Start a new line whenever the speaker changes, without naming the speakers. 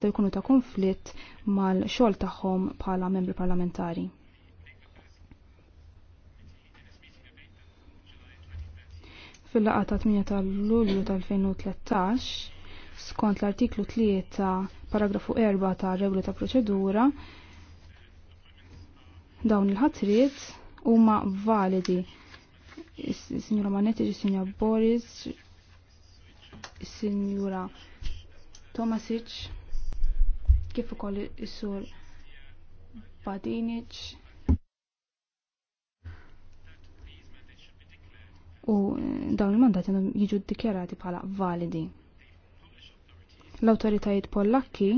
ta' jkunu ta' konflitt mal-xogħol tagħhom bħala membri parlamentari. Fil-laqa ta' 8 ta' Lulju tal-2013, skont l-artiklu 3 paragrafu 4 ta' regoli ta' proċedura, dawn il-ħatriet huma validi. Signora Manetti, Signora Boris, Signora Tomasic kif ukoll is-sur Badinic u eh, dawn il-mandati jiġu ddikjarati bħala validi. L-awtoritajiet Pollakki